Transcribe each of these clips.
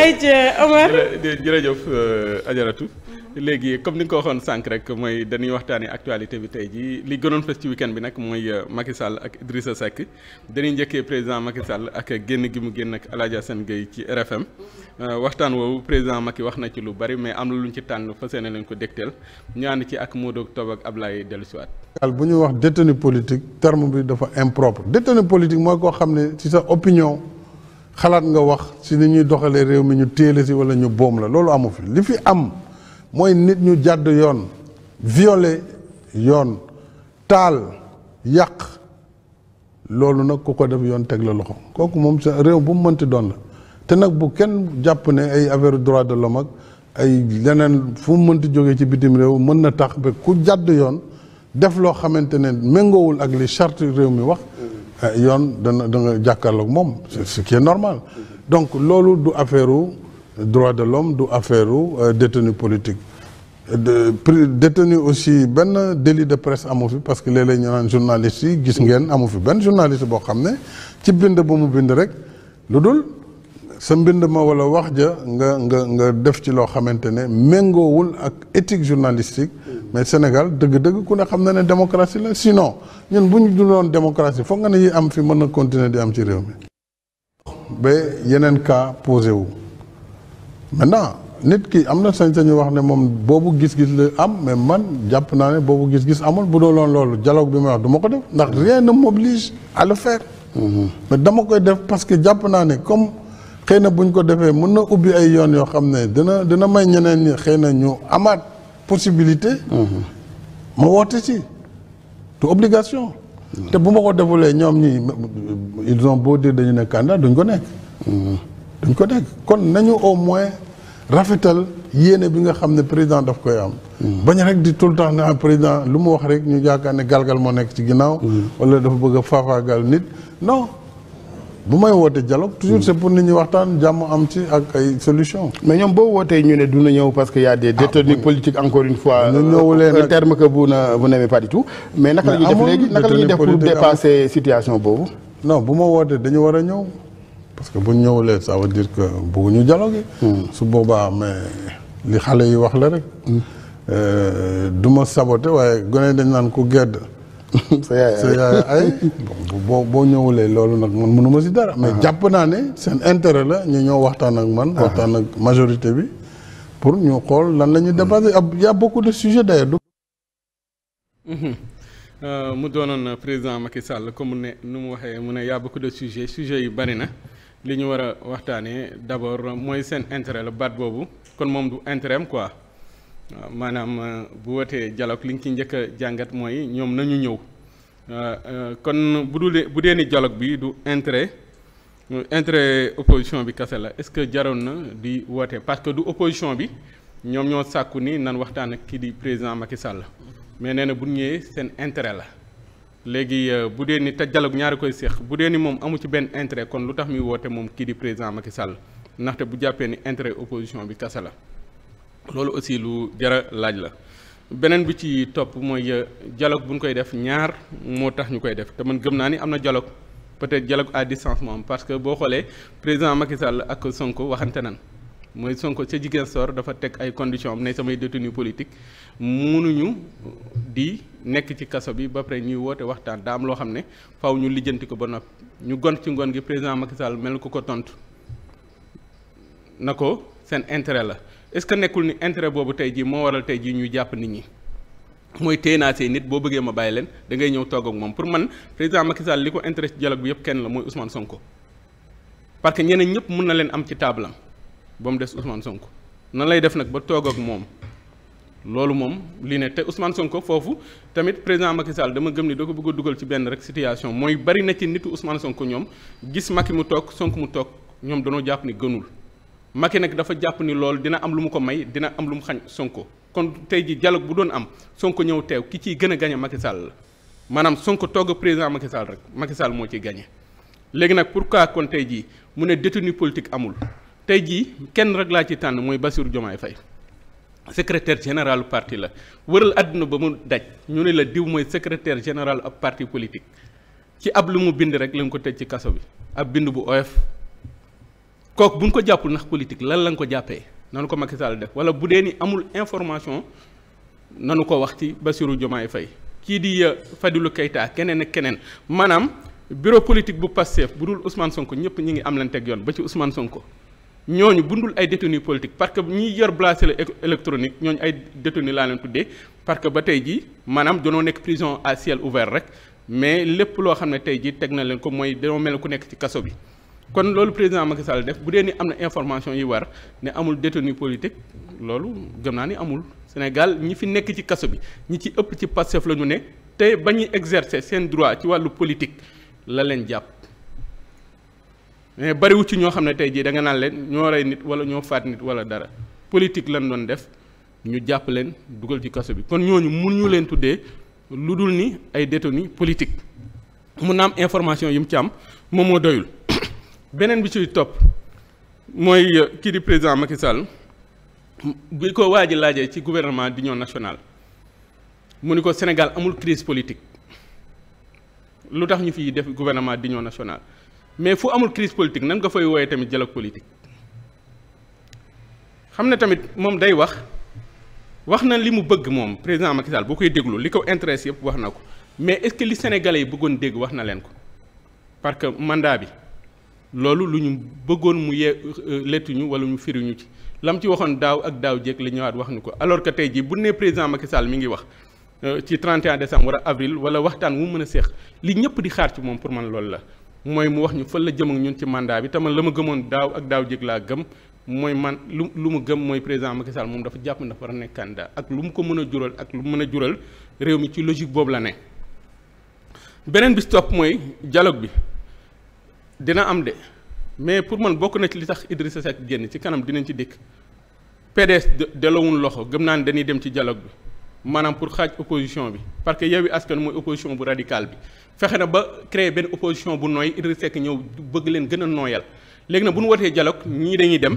ayca Omar jërëjëf euh, ajaratu léegi comme ni nga ko waxoon sànq rek mooy dañuy waxtaanee actualité bi tey jii li gënoon fës ci weekend bi nag mooy euh, Macky sàll ak Idrissa Seck dañuy njëkkee président Macky sàll ak génn gi mu génn ak El seen Assane ci RFM euh, waxtaan woowu président Macky wax na ci lu bari mais am na lu ñu ci tànn fas yéene leen ko dégteel ñu ànd ci ak Modou Tob ak ab Ablaye dellusiwaat. daal bu ñuy wax détenu politique terme bi dafa impropre détenu politique mooy koo xam ne ci sa opinion. xalaat nga wax si ni ñuy doxalee réew mi ñu téele si wala ñu boom la loolu amu fi li fi am mooy nit ñu jàdd yoon violé yoon taal yàq loolu nag ku ko def yoon teg la loxo kooku moom sa réew bu mu mënti doon la te nag bu kenn jàpp ne ay affaire droit de l'homme ak ay leneen fu mu mënti jógee ci bitim réew mën na tax ba ku jàdd yoon def loo xamante ne méngoowul ak li charte réew mi wax Eh, yoon dana da nga jàkkaarloog moom ce qui est normal donc loolu du affaire droit de l'homme du affaire euh, détenu politique de détenu aussi benn délit de presse amu fi parce que léeg-léeg ñu naan journaliste yi gis ngeen amu fi benn journaliste boo xam ne ci bind ba mu bind rek lu dul sa mbind ma walla wax ja nga nga nga def ci loo xamante ne méngoowul ak éthique journalistique mais Sénégal dëgg-dëgg ku ne xam na ne démocratie la sinon ñun bu ñu duloon démocratie foog nga ne yi am fi mën na continuer di am ci réew mi. ba yeneen cas posé wu maintenant nit ki am na sañ-sañu wax ne moom boobu gis-gis la am mais man jàpp naa ne boobu gis-gis amul bu doo loon loolu dialogue bi may wax du ko def ndax rien na m'oblige à le faire. Mhm. dama koy def parce que jàpp naa ne comme xëy na bu ñu ko defee mën na ubbi ay yoon yoo xam ne dina dina may ñeneen ñi xëy na ñu amaat. possibilité. ma woote ci du obligation. te bu ma ko defulee ñoom ñi ils ont beau dire dañu nekk candidat duñ ko nekk. duñ ko nekk kon nañu au moins rafetal yéene bi nga xam ne président daf koy am. bañ rek di tout le temps ne ah, président lu mu wax rek ñu yaakaar ne galgal moo nekk ci ginnaaw. wala dafa bëgg a faafaagal nit non. bu may woote dialogue toujours c'est pour nit ñi waxtaan jàmm am ci ak ay solution mais ñoom boo wootee ñu ne du na ñëw parce que y a des ah, détenus politiques encore une fois euh, un terme que vous ne vous n'aimez pas du tout mais naka la def pour dépasser situation boobu non bu ma wootee dañu war a ñëw parce que bu ñu ñëwulee ça veut dire que bëgguñu dialogue hmm. su boobaa mais li xale yi wax la rek hmm. euh, du ma saboté waaye gone dañ naan ku gedd sa yaay sa yaay ay boo boo ñëwulee loolu nag man mënu si dara. mais ah. jàpp naa ne seen intérêt la ñu ñëw waxtaan ak man. Ah. waxtaan ak majorité bi pour ñu xool lan lañuy ñuy hmm. dépassé ab y' a beaucoup de sujets d' ailleurs. Hmm. Euh, mu doonoon président Macky Sall comme ne nu mu waxee mu ne y' a de sujets sujets yi bari na li ñu war a waxtaanee d' abord mooy seen intérêt la baat boobu kon moom du intérêt am quoi. waaw maanaam euh, bu wootee dialogue li ñu ci njëkk a jàngat mooy ñoom nañu ñëw euh, euh, kon bu dul bu dee ni dialogue bi du intérêt intérêt opposition bi kese la est-ce que jaroon na di woote parce que du opposition bi ñoom ñoo sàkku ni nan waxtaan ak kii di président Macky Sall mais nee na bu ñëwee seen intérêt la léegi bu dee ni te dialogue ñaari koy seex bu dee ni moom amu ci benn intérêt kon lu tax muy woote moom kii di président Macky Sall ndaxte bu jàppee ni intérêt opposition bi kese la. loolu aussi lu jara laaj la beneen bi ci topp mooy euh, dialogue bu ñu koy def ñaar moo tax ñu koy def te man gëm naa ni am na dialogue peut-être dialogue à distance moom parce que boo xoolee président Macky Sall ak Sonko waxante nan mooy Sonko ca Ziguinchor dafa teg ay conditions am ne samay détenu politique munuñu di nekk ci kaso bi ba pare ñuy woote waxtaan daa am loo xam ne faw ñu lijjanti ko ba nopp ñu gont ci ngoon gi président Macky Sall mel ku ko tontu na ko seen intérêt la. est-ce que nekkul ni intérêt boobu tey jii moo waral tey jii ñuy jàpp nit ñi mooy téye naa nit boo bëggee ma bàyyi leen da ngay ñëw toog ak moom pour man président Macky li ko intérêt ci dialogue bi yëpp kenn la mooy Ousmane Sonko parce que ñeneen ñëpp mën na leen am ci table am ba mu des Ousmane Sonko nan lay def nag ba toog ak moom loolu moom li ne te Ousmane Sonko foofu tamit président Macky dama gëm ni da ko bëgg a dugal ci benn rek situation mooy bari ci nitu Ousmane Sonko ñoom gis Macky mu toog Sonko mu toog ñoom danoo jàpp ni gënul. Macky nag dafa jàpp ni loolu dina am lu mu ko may dina am lu mu xañ Sonko kon tey ji dialogue bu doon am Sonko ñëw teew ki ciy gën a gañe Macky Sall la maanaam Sonko togg président Macky Sall rek Macky Sall moo ciy gañe léegi nag pour kon tey jii mu ne détenu politique amul tey jii kenn rek laa ci tànn mooy Bassirou Diomaye fay secretaire général parti la wëral àdduna ba mu daj ñu ne la diw mooy secretaire général ab partie politique ci ab lu mu bind rek lañ ko tëj ci kaso bi ab bind bu oyof kooku bu ñu ko jàppul ndax politique lan lañ ko jàppee nanu ko Macky Sall def wala bu dee ni amul information nanu ko wax ci Bassirou Diomaye Faye kii di euh, Fadilou Keita keneen ak keneen maanaam bureau politique bu Pastef bu dul Ousmane Sonko ñëpp ñi ngi am lan teg yoon ba ci Ousmane Sonko ñooñu bundul ay détenus politique parce que ñiy yor bracelet électronique ñooñu ay détenus laa leen tuddee parce que ba tey jii maanaam danoo nekk prison à ciel ouvert rek mais lépp loo xam ne tey jii teg na leen ko mooy dañoo mel ku nekk ci kaso bi kon loolu président Macky def bu dee ni am na information yi war ne amul détenu politique loolu gëm naa ni amul Sénégal ñi fi nekk ci kaso bi ñi ci ëpp ci Pastef la ñu ne te ba ñuy exercer seen droit ci wàllu politique la leen jàpp mais bariwu ci ñoo xam ne tey jii da nga naan leen ñoo rey nit wala ñoo faat nit wala dara politique lañ doon def ñu jàpp leen dugal ci kaso bi kon ñooñu mun ñu leen tuddee lu dul ni ay détenu politique mun na am information yu mu ci am moom moo doyul. beneen bi ciy topp mooy euh, kii di président Macky bi ko waa ji laajee ci gouvernement d'union nationale mu ni ko Sénégal amul crise politique lu tax ñu fiy def gouvernement d'union nationale mais fu amul crise politique nan nga fay wooyee tamit dialogue politique xam ne tamit moom day wax wax na li mu bëgg moom président Macky boo koy déglu li ko intéresse yëpp wax na ko mais est li sénégalais yi bëggoon dégg wax na leen ko parce que mandat bi loolu lu ñu bëggoon mu yee euh, lettuñu wala ñu firiñu ci lam ci waxoon daaw ak daaw jéeg la ñëwaat wax ñu ko alors que tey jii bu nee président Macky Sall mi ngi wax euh, ci 31 décembre wala avril wala waxtaan wu mën a seex li ñëpp di xaar ci moom pour man loolu la mooy mu wax ñu fan la jëm ak ñun ci mandat bi te man la ma gëmoon daaw ak daaw jéeg laa gëm mooy man lu lu mu gëm mooy président Macky moom dafa jàpp dafa war a nekk ak lu mu ko mën a jural ak lu mu mën a jural réew mi ci boobu la ne beneen bi stop mooy dialogue bi dina am de mais pour man bokk na ci li tax Idrissa Seck génn ci kanam dinañ ci dikk PDS delloowuñ loxo gëm naa ne dañuy dem ci dialogue bi maanaam pour xaaj opposition bi parce que Yewwi Askan mooy opposition bu radicale bi fexe na ba créer benn opposition bu nooy Idrissa Seck ñëw bëgg leen gën a nooyal léegi na bu ñu wootee dialogue ñii dañuy dem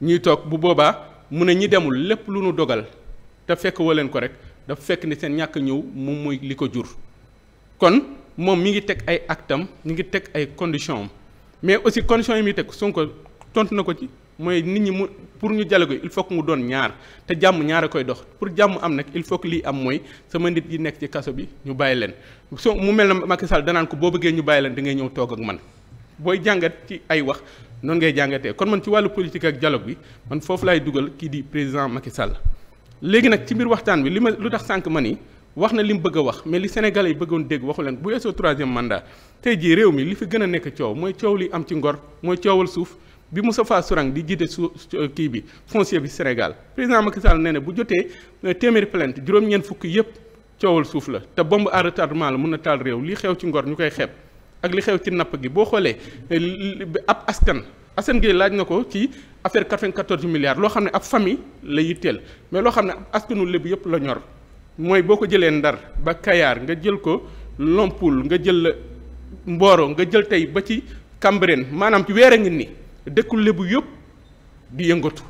ñuy toog bu boobaa mu ne ñi demul lépp lu nu dogal te fekk wa leen ko rek daf fekk ni seen ñàkk ñëw moom mooy li ko jur moom mi ngi teg ay actam mi ngi teg ay conditions am mais aussi conditions yi muy teg Sonko tontu na ko ci mooy nit ñi mu pour ñu dialogue il faut que mu doon ñaar te jàmm ñaar a koy dox pour jàmm am nag il faut que lii am mooy sama nit yi nekk ci kaso bi ñu bàyyi leen so mu mel na makisal Sall danaan ko boo bëggee ñu bàyyi leen da ngay ñëw toog ak man booy jàngat ci ay wax noonu ngay jàngatee kon man ci wàllu politique ak dialogue bi man foofu laay dugal kii di président Macky Sall léegi nag ci mbir waxtaan bi li ma lu tax sànq ma ni wax na li mu bëgg a wax mais li Sénégalais yi bëggoon dégg waxu leen bu yeesoo troisième mandat tey jii réew mi li fi gën a nekk coow mooy coow li am ci ngor mooy coowal suuf bi Moustapha Sourang di jiite su kii bi foncier bi Sénégal président Macky Sall nee na bu jotee euh, téeméeri plainte juróom-ñeent fukk yépp coowal suuf la te bombe à la mun na taal réew li xew ci ngor ñu koy xeeb ak li xew ci napp gi boo xoolee euh, ab askan Assane Gueye laaj na ko ci affaire 94 milliards loo xam ne ab famille la yitteel mais loo xam ne askanu lébu yépp la ñor mooy boo ko jëlee ndar ba kayaar nga jël ko lompul nga jël mbooroo nga jël tey ba ci Cambérène maanaam ci weer a ngi ni dëkku lébu yëpp di yëngatu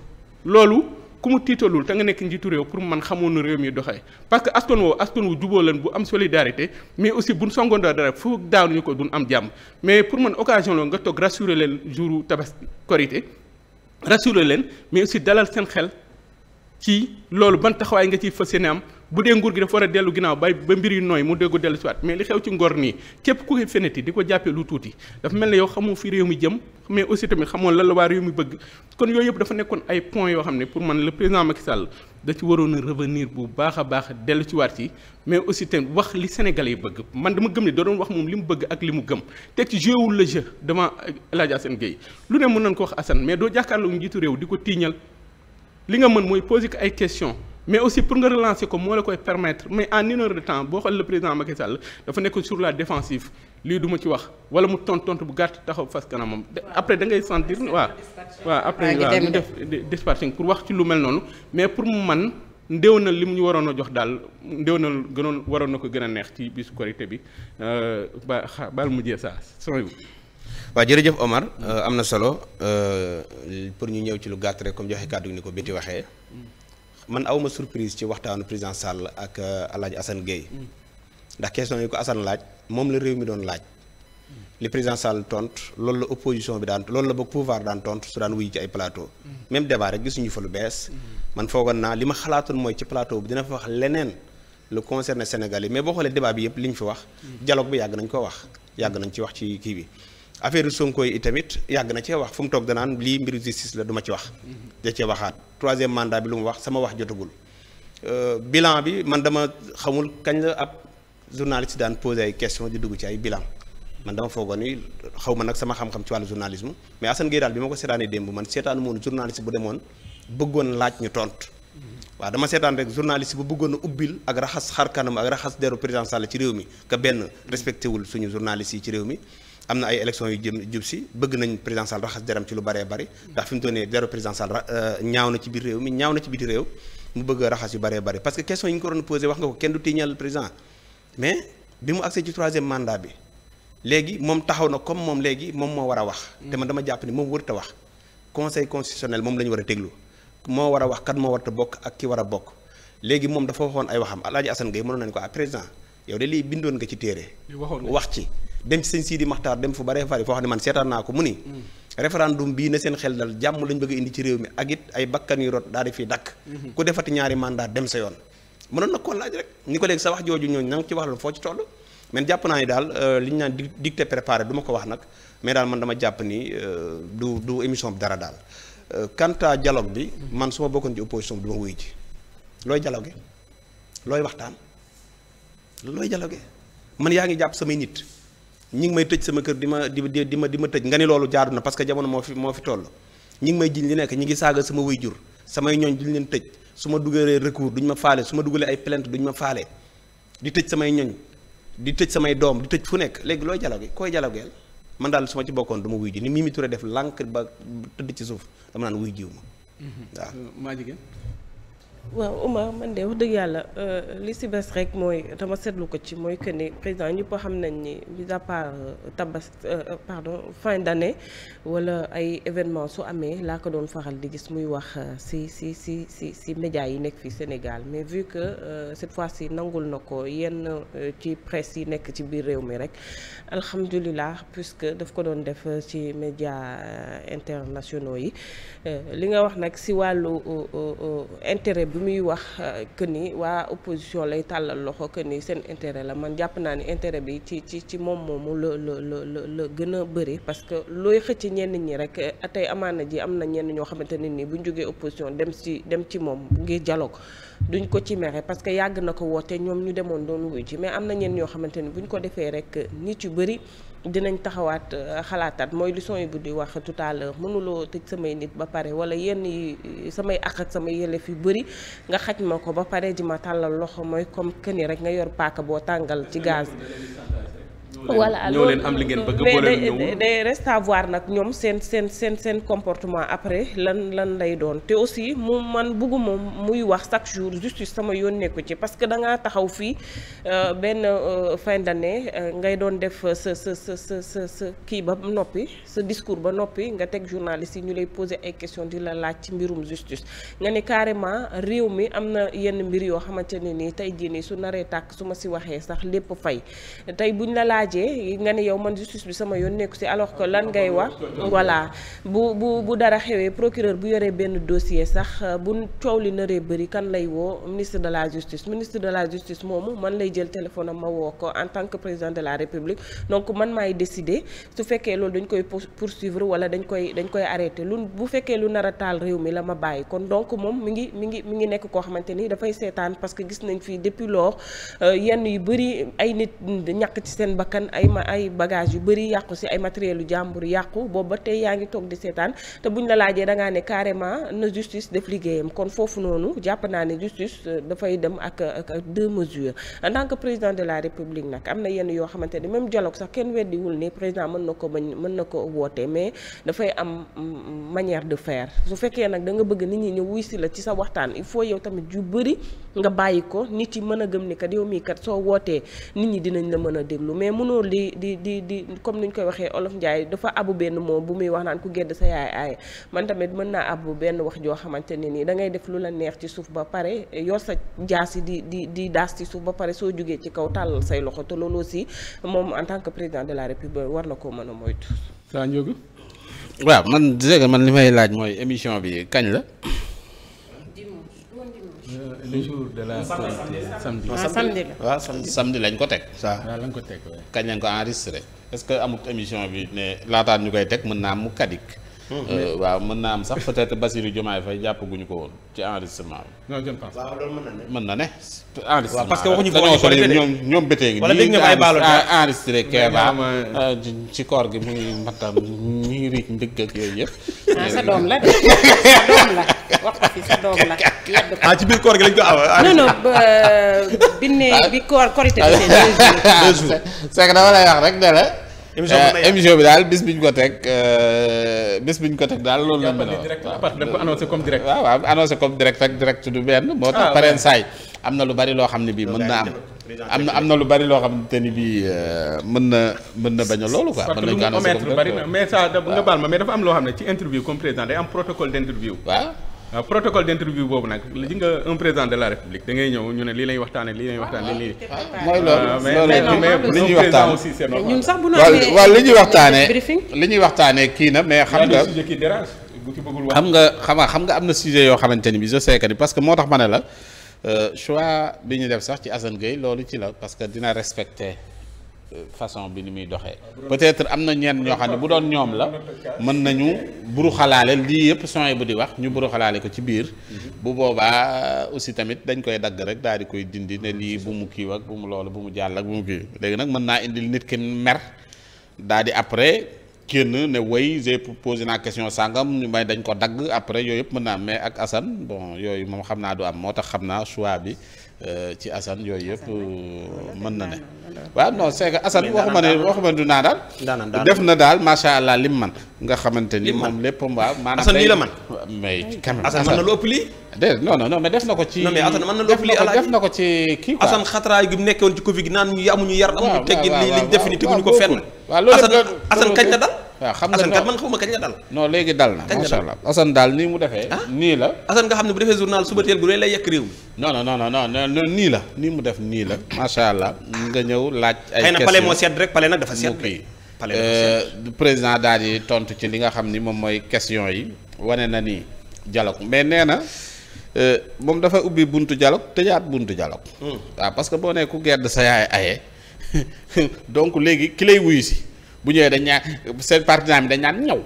loolu ku mu tiitalul te nga nekk njiitu réew pour man xamoon na réew mi doxee parce que askan woowu askan wu juboo leen bu am solidarité mais aussi bun songandoo dara fu daanuñu ko duñ am jàmm mais pour man occasion la nga toog rassurer leen juru tabaski korité rassurer leen mais aussi dalal seen xel ci loolu ban taxawaay nga ci fas yéene am bu dee nguur gi dafa war a dellu ginnaaw bay ba mbir yu nooy mu déggu dellu siwaat mais li xew ci ngor nii képp ku koy feneti di ko jàppee lu tuuti dafa mel ne yow xamoo fi réew mi jëm mais aussi tamit xamoon lan la waa réew mi bëgg kon yooyu yëpp dafa nekkoon ay points yoo xam ne pour man le président Macky Sall da revenir bu baax a baax dellu ci waat mais aussi tamit wax li Sénégalais yi bëgg man dama gëm ne da doon wax moom li mu bëgg ak li mu gëm teg ci joué wul le jeu devant El Hadj Assane Gueye lu ne mën nañ ko wax assan mais doo jàkkaarloo njiitu réew di ko tiiñal li nga mën mooy poser ko ay questions mais aussi pour nga relancer ko moo la koy permettre mais en une heure de temps boo xool le président Macky Sall dafa nekk sur la défensive lii du ci wax wala mu tont tont bu gàtt taxaw fas kanamam après da ngay sentir waaw waaw après waaw ñu def dispatching pour wax ci lu mel noonu mais pour mu man ndéw na li mu ñu waroon a jox daal ndéw na gënoon waroon na ko gën a neex ci bisu korité bi euh, ba baal mujjee saa sooy waaw jërëjëf Omar euh, am na solo euh, pour ñu ñëw ci lu gàtt rek comme joxe kàddu gi ni ko Binti waxee man awma surprise ci waxtaanu président Sall ak El euh, Hadj Assane ndax question yi ko Assane laaj moom la réew mi doon laaj li président Sall tont loolu la opposition bi daan loolu la boog pouvoir daan tont su daan wuyu ci ay plateau même débat rek gisuñu fa lu bees man foogoon naa li ma xalaatoon mooy ci plateau bi dina fa wax leneen lu concerné Sénégal yi mais boo xoolee débat bi yëpp li ñu fi wax dialogue bi yàgg nañ ko wax yàgg nañ ci wax ci kii bi affaire Sonko yi tamit yàgg na cee wax fu mu toog danaan lii mbiru justice la du ci wax. da cee waxaat troisième mandat bi lu mu wax sama wax jotagul. Euh, bilan bi man dama xamul kañ la ab journaliste daan posé ay question di dugg ci ay bilan man dama foogoon ni xaw ma nag sama xam-xam ci wàllu journalisme mais Assane Gueye daal bi ma ko seetaanee démb man seetaanu moon journaliste bu demoon bëggoon laaj ñu tont waa dama seetaan rek journaliste bu bëggoon a ubbil ak raxas xar kanam ak raxas deru président Sall ci réew mi benn respecté wul suñu journaliste yi ci réew mi am na ay élections yu jëm jub si bëgg nañ président Sall raxas deram ci lu bëree bëri ndax fi mu toll nii deru président Sall euh, ñaaw na ci biir réew mi ñaaw na ci biir réew mu bëgg raxas yu bare bëri parce que question yi ñu ko doon posé wax nga ko kenn du tiiñal président mais bi mu accès ci troisième mandat bi léegi moom taxaw na comme moom léegi moom moo war a wax. te ma dama jàpp ni moom warut wax conseil constitutionnel moom lañu war a déglu moo war a wax kat moo warut a bokk ak ki war a bokk léegi moom dafa waxoon ay waxam El Hadj Assane Gueye mënoon ko ah président yow de lii bindoon nga ci wax ci dem ci sii Sidi Maxtaar dem fu bare fari foo xam ne man seetaan naa ko mu ni référendum bii na seen xel dal jàmm lañ bëgg indi ci réew mi ak it ay bakkan yu rot daal di fii dakk mhm. ku defati ñaari mandat dem sa yoon mënoon na koo laaj rek ni ko léegi sa wax jooju ñooñu na nga ci wax loolu foo ci toll mais jàpp naa ni daal euh, li ñu naan di dicté préparé du ko wax nag mais daal man dama jàpp nii euh, du du émission bi dara daal euh, quant à bi mhm. man su ma bokkoon ci opposition bi du ma wuyu ji looy dialogue looy waxtaan looy dialogue man yaa ngi jàpp samay nit ñi ngi may tëj sama kër di ma di di ma di ma tëj nga ni loolu jaadu na parce que jamono moo fi moo fi toll ñi may jiñ li nekk ñi ngi saaga sama jur samay ñooñ duñ leen tëj su ma dugalee recours duñ ma faale su ma dugalee ay plainte duñ ma faale di tëj samay ñooñ di tëj samay doom di tëj fu nekk léegi looy jalage koy jalageel man daal su ma ci bokkoon du ma wuy ji ni Mimi Touré def lànk ba tëdd ci suuf dama naan wuy jiw ma mhm. waaw maa jigéen waaw Oumar man de wax dëgg yàlla euh, li si bes rek mooy dama seetlu ko ci mooy que ni président ñëpp xam nañ ni mis euh, tabas euh, pardon fin d' année wala ay événement su amee laa ko doon faral di gis muy wax si si si si si médias yi nekk fii Sénégal mais vu que cette fois ci nangul na ko yenn ci presse yi nekk ci biir réew mi rek alhamdulilah puisque daf ko doon def ci médias internationaux yi li nga wax nag si wàllu intérêt bi muy wax euh, que ni waa opposition lay tàllal loxo que ni seen intérêt la man jàpp naa ne intérêt bi ci ci ci moom moomu la la la la gën a bëri parce que looy xëcc ñenn ñi rek euh, tey amaana ji am na ñenn ñoo xamante ne bu ñu jógee opposition dem ci dem ci moom ngir dialogue duñ ko ci mere parce que yàgg na ko woote ñoom ñu demoon doon wuy ci mais am na ñenn ñoo xamante ni buñ ko defee rek nit yu bëri. dinañ taxawaat euh, xalaataat mooy leçon yi bu di wax tout à mënuloo tëj samay nit ba pare wala yenn yi euh, samay àq sama samay yu bëri nga xaj ma ko ba pare di ma tàllal loxo mooy comme que ni rek nga yor paaka boo tàngal ci gaz. voilà ñoo leen am li ngeen bëgg. nag ñoom seen seen seen seen comportement après lan lan lay doon te aussi mu man bëgguma muy wax chaque jour justice sama yoon nekku ci parce que da taxaw fii euh, benn euh, fin d'année euh, ngay doon def sa sa sa sa sa kii ba noppi sa discours ba noppi nga teg journaliste yi ñu lay poser ay questions di la laaj ci mbirum justice nga ne carrément réew mi am na yenn mbir yoo xamante ne nii tey jii nii su naree tàkk su ma si waxee sax lépp fay tey buñ la laaj laajee nga ne yow man justice bi sama yoon nekku si alors que lan ngay wax voilà bu bu bu dara xewee procureur bu yoree benn dossier sax bu coow li naree bëri kan lay woo ministre de la justice ministre de la justice moomu man lay jël téléphone am ma woo en tant que président de la république donc man maay décider su fekkee loolu dañ koy poursuivre wala dañ koy dañ koy arrêter lu bu fekkee lu nar a taal réew mi la ma bàyyi kon donc moom mi ngi mi ngi mi ngi nekk koo xamante ni dafay seetaan parce que gis nañ fii bakkan ay ma ay bagage yu bëri yàqu si ay matériel jàmbur yàqu boobu ba tey yaa ngi toog di seetaan te buñ la laajee da ne carrément na justice def liggéeyam kon foofu noonu jàpp naa ne justice euh, dafay dem ak ak deux mesures en tant que président de la république nag am na yenn yoo xamante ne même dialogue sax kenn weddiwul ne président mën na ko bañ mën na ko woote mais dafay am mm, mm, manière de faire su fekkee nag da nga bëgg nit ñi ñëw wuy la ci sa waxtaan il faut yow tamit yu bëri nga bàyyi ko nit yi mën a gëm ni kat yow mii kat soo wootee nit ñi dinañ la mën a déglu mais mënu mënoo di di di di comme ni ñu koy waxee olof Ndiaye dafa abu benn moom bu muy wax naan ku gedd sa yaay aaye man tamit mën naa abu benn wax joo xamante ne nii da ngay def lu la neex ci suuf ba pare yor sa jaas yi di di di daas ci suuf ba pare soo jógee ci kaw tàllal say loxo te loolu aussi moom en tant que président de la république war na koo mën a moytu. saa waaw man dégg man li may laaj mooy émission bi kañ la. le jour de la samedi samedi ah, ah, lañ ko teg. waaw ah, lañ ko teg kañ lañ ko enregistré. est que amut émission bi ne laataan ñu koy teg mën naa am mu kadik. Hmm. Euh, waaw mën naa am sax peut-être Bassirou Diomaye Faye jàppaguñu ko woon ci enregistrement bi. non mën na ne. mën na ne. que waxuñu ko woon ñoom bëtee ngi. wala nga ay baalo enregistré Kéba euh, ci koor gi mu ngi mbattam ñuy riij ndëgg sa ko ah, ci biir koor gi lañ ko am. Ah. non euh, bi ah, dama lay wax rek ne la. Euh, bi daal bis bi ñu ko teg euh, bis bi ko teg daal loolu la mel noonu. du benn. moo tax pareen saay am na lu bari loo xam ne bii mën na am. am na am lu bari loo xamante ni bii euh, mën na mën na bañ a loolu quoi. mën nañu ko mettre bari na nga baal ma mais dafa am loo xam ne ci interview comme président day am protocole d' interview. Ah, protocole d' boobu nag li nga un président de la république da ñëw ñu ne ah, li ñuy waxtaan li ñuy waxtaanee kii na mais xam nga. xam nga xam nga am na sujet yoo xamante ni bi je sais que ni moo tax ma la Euh, choix bi ñu def sax ci Assane Gueye loolu ci la parce que dina respecter euh, façon bi ni muy doxee peut-être am na ñenn ñoo xam ne bu doon ñoom la mën nañu buru xalaale lii yëpp son bu di wax ñu buru xalaale ko ci biir bu boobaa aussi tamit dañ koy dagg rek daal di koy dindi ne lii bu mu kiiw ak bu mu loolu bu mu jàll ak bu mu kii léegi nag mën naa indil nit ki mer daal di après kenn ne way j'ai posé naa question sàngam ñu may dañ ko dagg après yooyu yëpp mën naa mais ak Assane bon yooyu moom xam naa du am moo tax xam naa choix bi Euh, ci Assane yooyu yëpp euh, mën na ne. waaw non c'est que Assane waxuma ne waxuma du naa daal. def na daal macha allah lim man. nga xamante ni moom lépp waaw. maanaam Assane lii la man. mais quand même Assane mën na lu ëpp lii. déedéet non non non def na ko ci. non mais Assane na lu ëpp lii alaaji def na ko ci kii quoi. Assane xatraay gi mu nekkoon ci Covid gi naan amuñu yar. amuñu teggin li liñ def ni teguñu ko fenn. waaw kañ la dal. waaw xam nga Assane kat man xawma kañ dal non léegi dal na macha mu defee ah? nii la Assane nga xam ne bu defee journal suba teel gu lay nii la nii mu def nii la macha allah nga ñëw laaj ay moo sedd rek pale nag président daal di tontu ci li nga xam ni moom mooy question yi wane na nii dialogue mais nee na euh, moom dafa ubbi buntu dialogue tëjaat buntu dialogue waaw hmm. ah, parce que boo nee ku gedd sa yaay aye donc léegi ki lay wuyu si bu ñëwee dañ ñaa seen partenaire bi dañ naan ñëw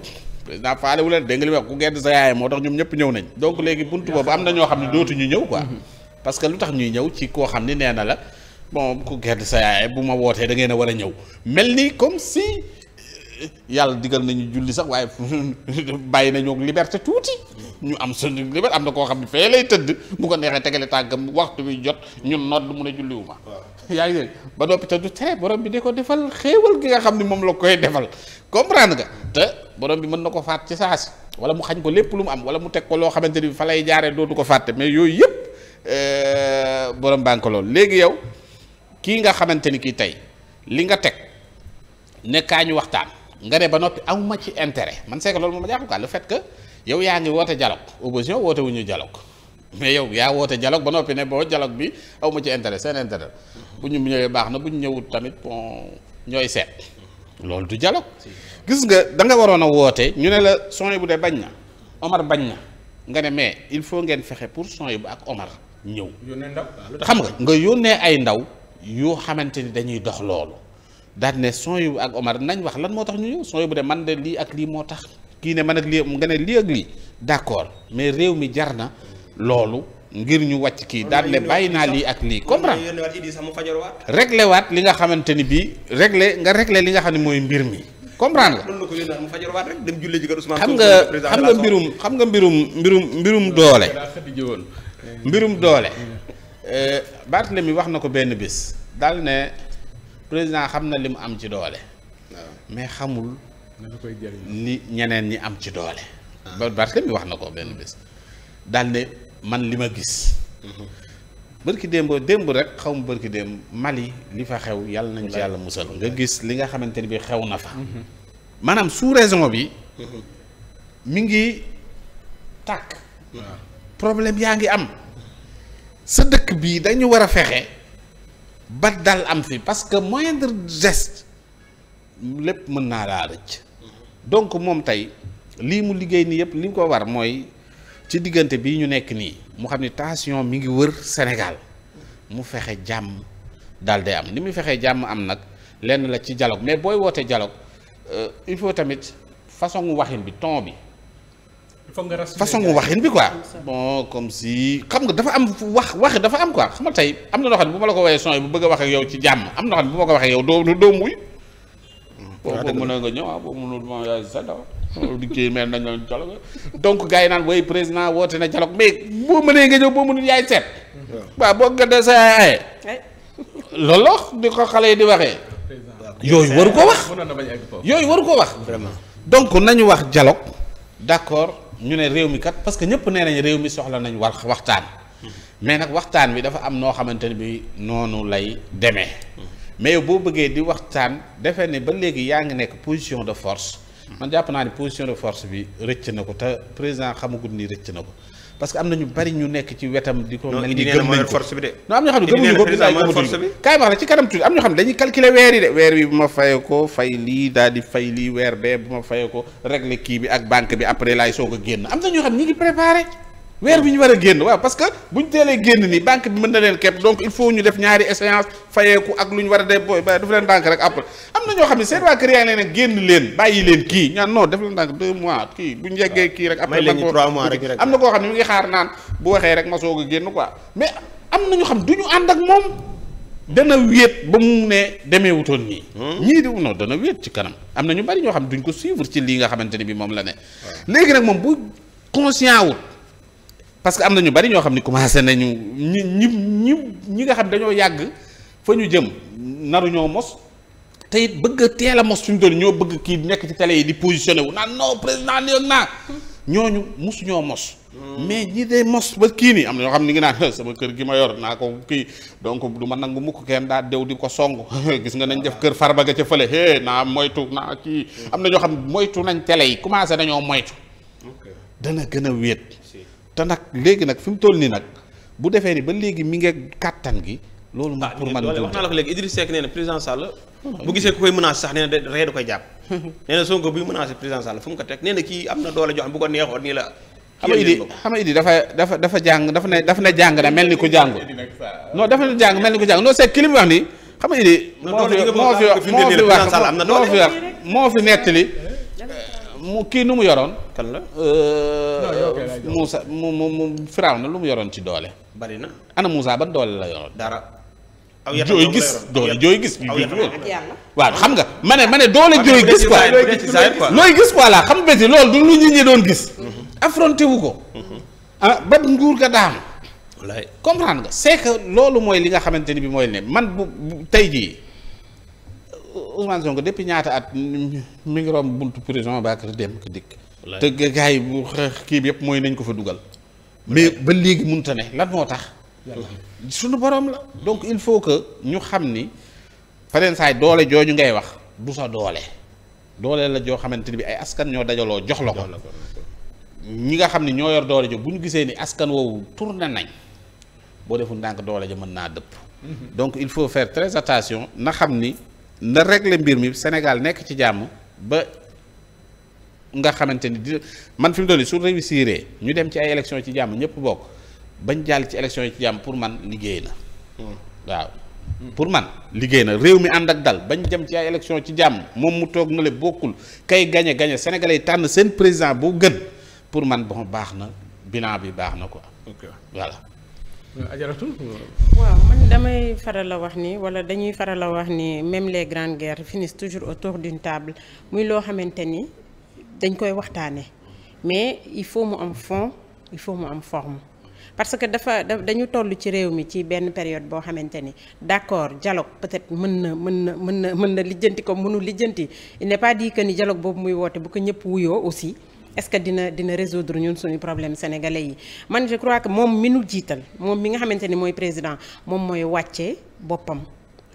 président faale wu leen dégg nga li wax ku gedd sa yaay moo tax ñoom ñëpp ñëw nañ donc léegi bunt boobu am na ñoo xam ne dootuñu ñëw quoi mm-hmm. parce que lu tax ñuy ñëw ci koo xam ne nee na la bon ku gedd sa yaay bu ma wootee da ngeen a war a ñëw mel nii comme si yàlla digal nañu julli sax waaye bàyyi nañoo liberté tuuti ñu am suñu liberté am na koo xam ne fee lay tëdd bu ko neexee tegale tàggam waxtu bi jot ñun nodd mun a julliwuma yaa ngi dégg ba noppi te du tere borom bi de ko defal xéewal nga xam ne moom la koy defal comprendre te borom bi mën na ko faat ci saasi wala mu xañ ko lépp lu mu am wala mu teg ko loo xamante ni fa lay jaaree dootu ko fàtte mais yooyu yëpp euh, borom baa ngi ko lool léegi yow kii nga xamante ni kii tey li nga teg ne ñu waxtaan. nga ne ba noppi amuma ci intérêt man c'est loolu moom la jaaxal quoi le fait que yow yaa ngi woote dialogue opposition woote wu ñu dialogue mais yow yaa woote dialogue ba noppi ne boo dialogue bi awma ci intérêt seen intérêt bu ñu ñëwee baax na bu ñu ñëwut tamit bon ñooy seet loolu du dialogue gis nga da nga waroon a woote ñu ne la Sonia bu dee bañ na Omar bañ na nga ne mais il faut ngeen fexe pour Sonia bu ak Omar ñëw. yónnee ndaw xam nga nga yónnee ay ndaw yoo xamante ni dañuy dox loolu. daal ne son yu ak Omar nañ wax lan moo tax ñu ñëw son bu de man de lii ak lii moo tax kii ne man ak lii nga ne lii ak lii d'accord mais réew mi jar na loolu ngir ñu wàcc kii daal ne bàyyi naa lii ak lii comprendre réglé waat li nga xamante ni bii réglé nga réglé li nga xam ne mooy mbir mi comprendre nga xam nga xam nga mbirum xam nga mbirum mbirum mbirum doole mbirum doole euh, baatle mi wax na ko benn bis daal ne président xam na li mu am ci doole. mais xamul. li ñeneen ñi am ci doole. ba Barthélemy wax na ko benn bés. daal ne man li ma gis. Mhm. bërki démb démb rek xaw ma bërki démb Mali li fa xew yàlla nañ ci yàlla musal nga gis li nga xamante ni bi xew na fa. Mhm. maanaam sous raison bi. Mhm. mi ngi tàkk. problème yaa ngi am. sa dëkk bii dañu war a fexe. ba dal am fi parce que moindre geste lépp mën naa laa rëcc donc moom tey lii mu liggéey nii yëpp li ko war mooy ci diggante bii ñu nekk nii mu xam ni tension mi ngi wër Sénégal mu fexe jàmm daal day am ni muy fexee jàmm am nag lenn la ci dialogue mais booy wootee dialogue euh, il faut tamit façon waxin bi ton bi façon waxin bi quoi bon comme si xam nga dafa am wax waxi dafa am quoi xam nga tey am na loo xam ne bu ma la ko waxee son bu bëgg a wax ak yow ci jàmm am na loo xam ne bu ma ko waxee yow doo doo muy boobu a nga ñëw ah boobu ma nañ leen dialogue donc gars yi naan way président woote na dialogue mais boo mënee nga ñëw boo mënul yaay seet waaw boo gëddee sa yaay loolu di ko xale yi di waxee yooyu waru ko wax yooyu waru ko wax vraiment donc nañu wax dialogue d'accord ñu ne réew mi kat parce que ñëpp nee nañ réew mi soxla nañ war waxtaan. mais nag waxtaan bi dafa am noo xamante ne bi noonu lay demee. mais boo bëggee di waxtaan defee ne ba léegi yaa ngi nekk position de force. man jàpp naa ne position de force bi rëcc na ko te président xamagut ni rëcc na ko. parce que am na ñu bari ñu nekk ci wetam di ko mel ni gëm nañ force bi de non am ñoo xam ne gëmuñu ko bilaay gëmuñu ko kaay wax la ci kanam tuuti am ñoo xam dañuy calculer weer yi de weer bi bu ma faye ko fay lii daal di fay lii weer dee bu ma faye ko régler kii bi ak banque bi après laay soog a génn am na ñoo xam ne ngi préparé weer bi ñu war a génn waaw parce que bu ñu teelee génn nii banque bi mën na leen képp donc il faut ñu def ñaari échéance fayeeku ak lu ñu war a def booy dafa leen ndànk rek après am na ñoo xam ne seen waa kër yaa ngi leen génn leen bàyyi leen kii ñaan non def leen ndànk deux mois kii bu ñu rek après am na koo xam ne mi ngi xaar naan bu waxee rek ma soog génn quoi mais am na ñoo xam du ñu ànd ak moom dana wéet ba mu ne demee wutoon nii hmm? ñii di non dana wéet ci kanam am na ñu bari ñoo xam duñ ko suivre ci li nga xamante ne bi moom la ne hmm. léegi nag moom bu conscient wu parce que am na ñu bari ñoo xam ni commencé nañu ñi ñi ñi ñi nga xam dañoo yàgg fa ñu jëm naru ñoo mos tey it bëgg a teel a mos suñu doon ñoo bëgg kii nekk ci télé yi di positionné wu naan non président léegi naa ñooñu mosu ñoo mos. Hmm. mais ñi dee mos ba kii nii am na ñoo xam ni ngi naan sama kër gi ma yor naa ko kii donc du ma nangu mukk kenn daa dew di ko song gis nga nañ def kër farba ga ca fële hee naa moytu naa kii hmm. am na ñoo xam moytu nañ tele yi commencé nañoo moytu. dana gën a wéet. te nag léegi nag fi mu toll nii nag bu defee ni ba léegi mi ngi kàttan gi. loolu moom ah, pour man wax naa la ko léegi Idriss Seck nee président Sall. bu gisee ku koy menacé sax nee na ree da koy jàpp. nee na Sonko buy menacé président Sall fu mu ko teg nee na kii am na doole jox bu ko neexoon nii la. xam nga Idi xam nga Idi dafa dafa dafa jàng dafa ne dafa ne jàng na mel ni ku jàngul. non dafa ne jàng mel ni ku jàng non Seck ki wax nii. xam nga Idi. moo fi moo moo fi wax moo mu kii nu mu yoroon. kan la euh, Moussa mu mu mu Firaaw na lu mu yoroon ci doole. bari na ana Moussa ban doole la yoroon. dara aw jooy gis doole jooy gis. aw waaw xam nga ma ne ma ne doole jooy gis. quoi looy gis quoi la xam beti loolu du lu nit ñi doon gis. Mhm. affronté wu ko. Mhm. ah ba nguur ga daanu. wallaay nga c'est loolu mooy li nga xamante ni bi mooy ne man bu tey jii. Ousmane Sonko depuis ñaata at mi ngi romb buntu prison ba ak dem ak dikk. te gars bu kii bi yëpp mooy nañ ko fa dugal. mais ba léegi mënut ta ne lan moo tax. suñu boroom la. donc il faut que ñu xam ni. pareen saay doole jooju ngay wax du sa doole. doole la joo xamante ni bi ay askan ñoo dajaloo jox la ko. ñi nga xam ni ñoo yor doole jo bu ñu gisee ni askan woowu tourné nañ. boo defu ndànk doole ja mën naa dëpp. Mm-hmm. na xam ni. na régler mbir mi Sénégal nekk ci jàmm ba nga xamante ni di man fi mu doon su réussir ñu dem ci ay élections ci jàmm ñëpp bokk bañ jàll ci élections yi ci jàmm pour man liggéey na. Hmm. waaw hmm. pour man liggéey na réew mi ànd ak dal bañ dem ci ay élections ci jàmm moom mu toog na le bokkul kay gañe gañe Sénégalais yi tànn seen président boo gën pour man bon baax na bilan bi baax na ko ok Euh, ajaratu waaw man damay faral a wax ni wala dañuy faral a wax ni même les grandes guerres finissent toujours autour d'une table muy loo xamante ni dañ koy waxtaane mais il faut mu am fond il faut mu am forme parce que dafa dañu toll ci réew mi ci benn période boo xamante ni d'accord dialogue peut-être mën na mën na mën na mën na lijjanti ko mënul lijjanti il n'est pas dit que ni dialogue boobu muy woote bu ko ñëpp wuyoo aussi est-ce que dina dina résoudre ñun suñu problème sénégalais yi man je crois que moom mi nu jiital moom mi nga xamante ni mooy président moom mooy wàccee boppam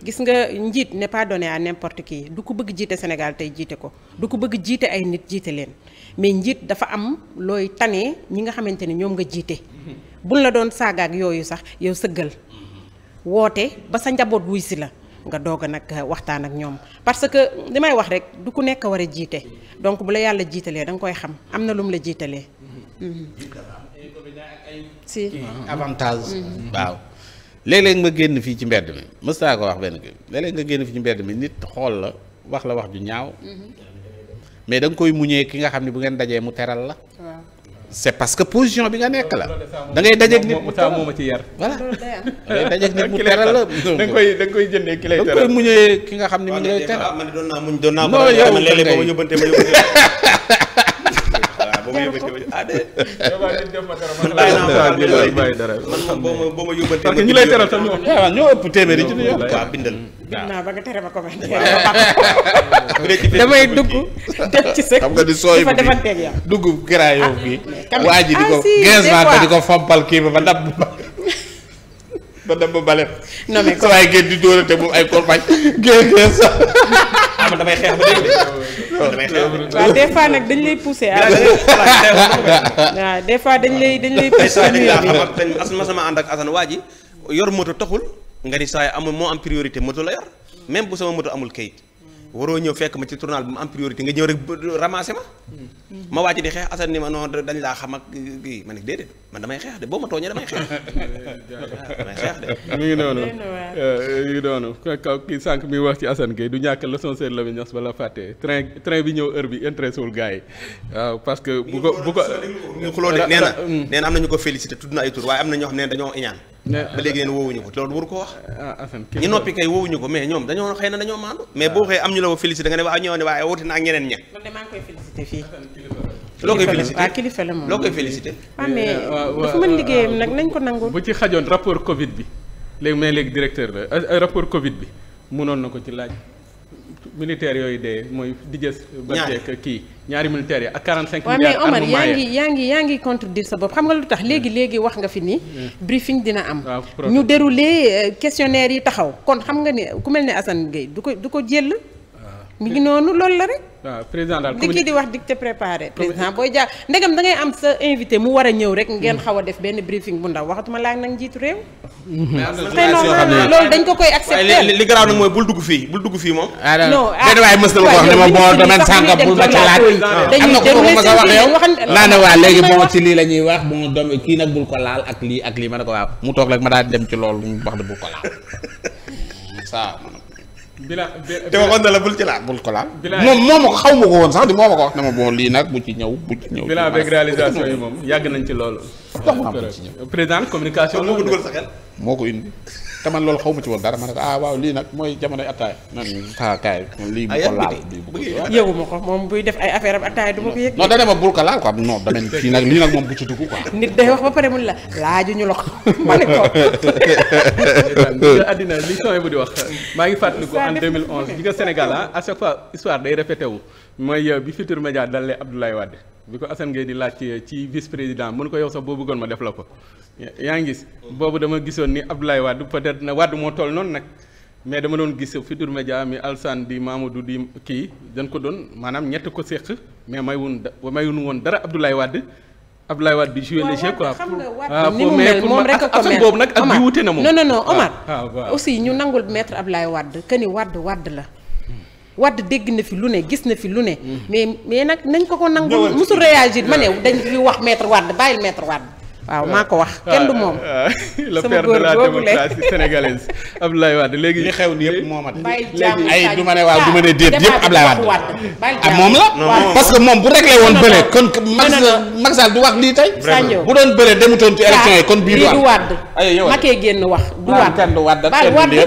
gis nga njiit n'est pas donné à n'importe qui du ko bëgg jiite Sénégal tey jiite ko du ko bëgg jiite ay nit jiite leen mais njiit dafa am looy tane ñi nga xamante ni ñoom nga jiite mm-hmm. buñ la doon saagaak yooyu sax yow sëggal mm-hmm. woote ba sa njaboot wuy si la nga doog nag waxtaan ak ñoom parce que li may wax rek du ku nekk war a jiite donc bu la yàlla jiitalee da nga koy xam am na lu mu la jiitalee. si avantage. waaw léeg nga génn fii ci mbedd mi mëstaa naa ko wax benn kii léeg-léeg nga génn fii ci mbedd mi nit xool la wax la wax ju ñaaw. Mm-hmm. mais da koy muñee ki nga xam ne bu ngeen dajee mu teral la. c'est parce que position bi nga nekk la. da ngay dajeeg nit mu taw moom ci yar. voilà da ngay dajeeg nit mu teral la. da nga koy da nga koy jëndee ki lay teral da nga koy muñee ki nga xam ne mi ngi lay teral. waaw ah, man doon naa muñ doon naa. non yow jaru ko ah de. man moom boo ma boo ma yóbbante. parce que ñi lay teral tam ba nga tere ma commentaire. damay dugg dem ci sa. xam nga di sooy bi dugg Grand Yoff ah, bi. waa ji di ko 15 ah, vingt di ko fompal kii ba ba dab. ba ba balet. non mais comme waaye ngeen di dóorante moom ay korbañ. ngeen ngeen sax. man damay xeex ba dégg damay xeex waaw des fois nag dañ lay poussé ah waaw des fois dañ lay dañ lay poussé asma sama ànd ak Assane waa ji yor moto taxul nga ni saa amul moo am priorité moto la yor même bu sama moto amul kayit waroo ñëw fekk ma ci tournal bi ma am priorité nga ñëw rek ramassé ma. Hmm. ma wàcc di xeex Assane ni ma non dañ laa xam ak kii ma ne déedéet man damay xeex de boo ma tooñee damay xeex damay xeex de. mi ngi noonu euh, mi ngi noonu kaw kii sànq mi wax ci Assane Gueye du ñàkk leçon seen la bi ñas bala fàttee train train bi ñëw heure bi intéressé wul gars yi waaw parce que. bu ko bu ko ñu xuloo de am na ñu ko félicité tudd na ay tur waaye am na ñoo xam ne dañoo iñaan ba léegi neen woowuñu ko loolu waru ko wax ah, ah, ñi noppi kay woowuñu ko mais ñoom dañoo xëy na dañoo maandu mais boo xëyee am ñu la wa félicité nga ne waa ñoo ne waaye wuti naa ñeneen ña loo koy félicité waaw ah, kilifa la moom loo koy félicité waaw mais eh, dafa mën liggéeyam nag nañ ko nangul bu ci xajoon rapport covid bi léegi mais léegi directeur la euh, euh, rapport covid bi mënoon na ko ci laaj militaire yooyu de mooy di jës ba kii ñaari militaires yi ak 45 milliards waaw mais Omar yaa ngi yaa ngi yaa ngi contredire sa bopp xam nga lu tax léegi hmm. léegi wax nga fi ni hmm. briefing dina am ñu déroulé euh, questionnaire yi taxaw kon xam nga ni ku mel ni Assane Gueye du ko du ko jël ah. mu ngi noonu loolu la rek waaw président di wax di ca dicté préparé président booy jaar ndegam dangay am sa invité mu war a ñëw rek ngeen xaw a def benn briefing bu ndaw waxatuma laa nag njiitu réew tey loolu dañ ko koy accepté li garaaw nag mooy bul dugg fii bul dugg fii moom ah, ah, benn waaye mës na ma ko wax ne ma boo domaine sànq bul ma ci laaj na waa léegi bon ci lii la ñuy wax bon doom kii nag bul ko laal ak lii ak lii ma ne ko waaw mu toog rek ma daal dem ci loolu ñu wax ne bul ko laal bila te waxoon na la bul ci laal bul ko laal. moom moo ma ko xaw ma ko woon sax di moo ma ko wax ne ma bon lii nag bu ci ñëw bu ci ñëw. bilan beeg réalisation yi moom yàgg nañ ci loolu. président communication moo ko dugal sa xel moo ko indi. te man loolu xaw ma ci woon dara ma ne ah, waaw lii nag mooy jamonoy attaay nan taakaay lii bu ko ah, laal lii bu ko yëgu ko moom buy def ay affaire am attaay du ma ko yëg non dane ma bul lii nag moom bu ci dugg quoi nit day wax ba pare mun la laaju ñu la ko ma sooy bu di wax maa ngi fàttaliku en 2011 bi nga Sénégal ah à chaque fois histoire day répété wu mooy euh, bi Futurs Médias dalee Abdoulaye Wade bi ko Assane Gueye di laaj ci vice président mun ko yow sax boo bëggoon ma def la ko yaa ngis boobu dama gisoon ni Abdoulaye wadd peut na Wade moo toll noonu nag mais dama doon gis Futurs Médias mi Alsane di Mamadou di kii dañ ko doon maanaam ñett ko séq mais maywun maywun woon dara Abdoulaye Wade Abdoulaye Wade di jouer le jeu quoi ni mu mel moom rek ko mel boobu nag ak bi wute na moom non non non Omar ah, ah, aussi ñu nangul maître Abdoulaye Wade que ni Wade Wade la wadd dégg na fi lu ne gis na fi lu ne mm. mais mais nag nañ ko ko nangu musul réagir ma ne dañ fi wax maître wadd bàyyil maître wadd waaw maa ko wax kenn du moom. Ah, ah. le père de la démocratie sénégalaise Abdoulaye Wade léegi. li xew ni yëpp mooma du ma ne waaw du ma ne déet yëpp Abdoulaye Wade. ah moom la. parce que moom bu réglé woon bële. kon Macky Sall du wax lii tey. bu doon bële demutoon ci élection yi kon bii du Wade. aywa Macky génn wax du Wade. kenn du Wade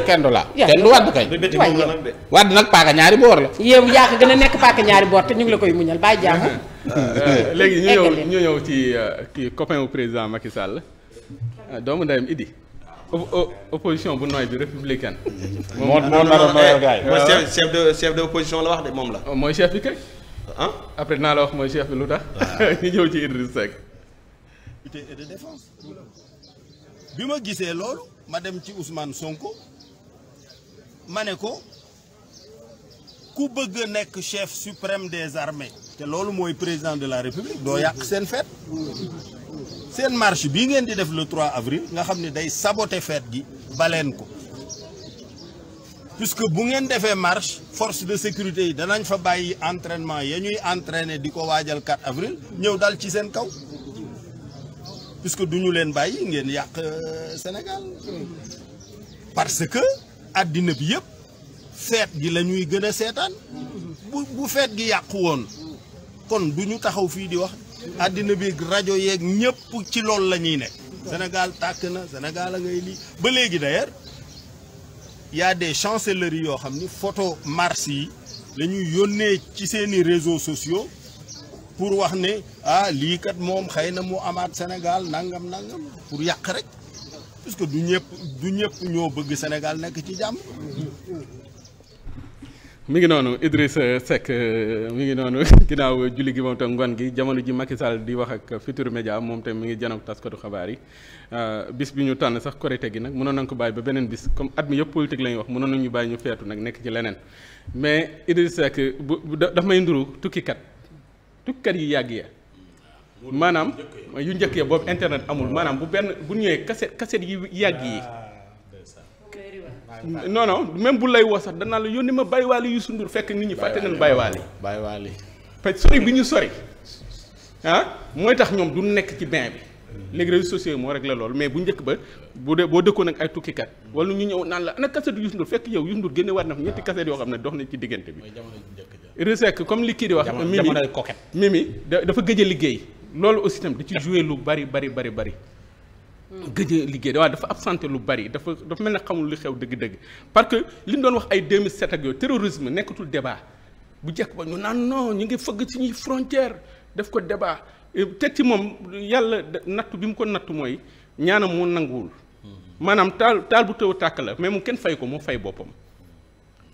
kenn du la kenn du Wade kay. Wade nag paaka ñaari boor la. yow yaa ko gën a nekk paaka ñaari boor te ñu ngi la koy muñal bàyyi jàmm Euh, euh, léegi ñu ñëw ñu ñëw ci kii euh, copain président Macky Sall doomu ndeyam Idi. opposition bu nooy bi républicaine. moo moo naroon nooyal gars yi mooy chef chef de chef la wax de moom la. mooy chef bi kay. ah après naa la wax mooy chef bi lu tax. ñu ñëw ci Idriss Seck. unité bi ma gisee loolu ma dem ci Ousmane Sonko ma ne ko ku bëgg nekk chef suprême des armées. te loolu mooy président de la république doo yàq seen fête seen marche bii ngeen di def le trois avril nga xam ne day saboter feet gi baleen ko puisque bu ngeen defee marche force de sécurité yi danañ fa bàyyi entrainement ya ñuy entraîner di ko waajal 4 avril ñëw dal ci seen kaw puisque du ñu leen bàyyi ngeen yàq euh, Sénégal parce que àddina bi yëpp feet gi la ñuy gën a seetaan bu bu feet gi yàqu woon kon du ñu taxaw fii di wax àddina bi rajo yeeg ñëpp ci loolu la ñuy nekk Sénégal tàkk na Sénégal a ngay lii ba léegi d'ailleurs y a des chancelleries yoo xam ni photo mars yi la yónnee ci seeni réseaux sociaux pour wax ne ah lii kat moom xëy na mu amaat senegal nangam nangam pour yàq rek parce que du ñëpp du ñoo bëgg Sénégal nekk ci jàmm mi ngi noonu Idriss Seck euh, mi ngi noonu ginnaaw julli gi moom tam ngoon gi jamono ji Macky Sall di wax ak Futurs Médias moom te mi ngi janoog taskatu xabaar yi euh, bis bi ñu tànn sax korite gi nag mënoon nañ ko bàyyi ba beneen bis comme at yëpp politique la ñuy wax mënoon nañu ñu feetu nag nekk ci leneen mais Idriss Seck bu daf may nduru tukkikat tukkikat yi yàgg ya maanaam yu njëkk ya boobu internet amul maanaam bu benn bu ñëwee kaset kaset yi yàgg yi non non même bu lay woo sax danaa la yónni ma Baye Waly Youssou Ndour fekk nit ñi fàtte nañ Baye Waly Baye Waly parce que sori bi ñu sori ah mooy tax ñoom du nekk ci bain bi léegi réseaux sociaux moo rek la loolu mais bu njëkk ba bu dee boo dëkkoon ak ay tukkikat wala ñu ñëw naan la ana kasetu Youssou Ndour fekk yow Youssou Ndour génne waat na fa ñetti kaset yoo xam ne dox nañ ci diggante bi resec comme li kii di wax mimi mimi dafa gëj a liggéey loolu aussi itam da ci joué lu bari bari bari bari gëj a liggéey waaw dafa absenté lu bari dafa dafa mel ne xamul lu xew dëgg-dëgg parce que li ñu doon wax ay 2007 ak yooyu terrorisme nekkatul débat bu jekk ba ñu naan non ñu ngi fëgg ci ñuy frontière def ko débat te ci moom yàlla nattu bi mu ko nattu mooy ñaanam moo nanguwul maanaam taal taal bu tëw tàkk la mais mu kenn fay ko moo fay boppam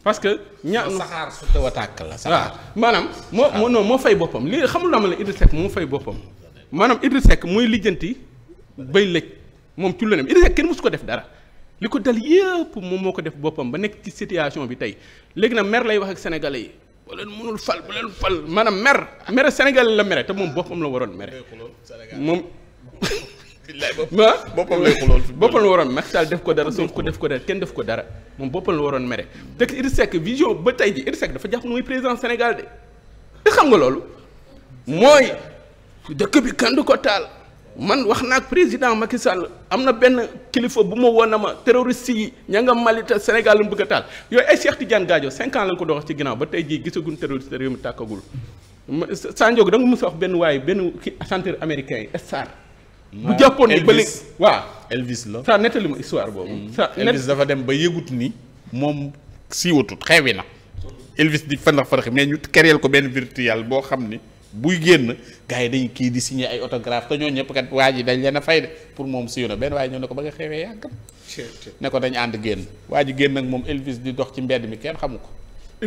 parce que ñaa saxaar su tëw a tàkk la maanaam moo moo non moo fay boppam li xamul la ma la Idrissa Seck moo fay boppam maanaam Idrissa Seck mooy lijjanti bay lëj moom cullanam Idrissa Seck kenn mosu ko def dara li ko dal yëpp moom moo ko def boppam ba nekk ci situation bi tey léegi nag mer lay wax ak sénégalais yi bu leen mënul fal bu leen fal maanaam mer mere sénégal la mere te moom boppam la waroon mere moom ah boppam lay xulool boppam la waroon Macky def ko dara Sonko def ko dara kenn def ko dara moom boppam la waroon mere te Idrissa Seck vision ba tey ji Idrissa Seck dafa jàpp ne mooy président Sénégal de te xam nga loolu mooy dëkk bi kenn du ko taal man wax naa ak président Macky Sall am na benn kilifa bu ma woon na ma terroriste yi ña nga Mali te Sénégal la mu bëgg a taal yooyu ay Cheikh Tidiane Gadio cinq ans la ko dox ci ginnaaw ba tey jii gisaguñ terroriste réew mu tàkkagul Sandiog da nga mos a wax benn waaye benn ki chanteur américain yi star bu jàppoon ni ba léegi waaw Elvis la saa nettali ma histoire boobu mm. sa Elvis dafa dem ba yëgut ni moom siiwatut xewi na Elvis di fanax fanax mais ñu kéréel ko benn virtuel boo xam ni buy génn gars yi dañ kii di signé ay autographe te ñoo ñëpp kat waa ji dañ leen a fay de pour moom siiw na benn waaye ñëw ne ko ba nga xewee yàggam ne ko dañ ànd génn waa ji génn nag moom Elvis di dox ci mbedd mi kenn xamu ko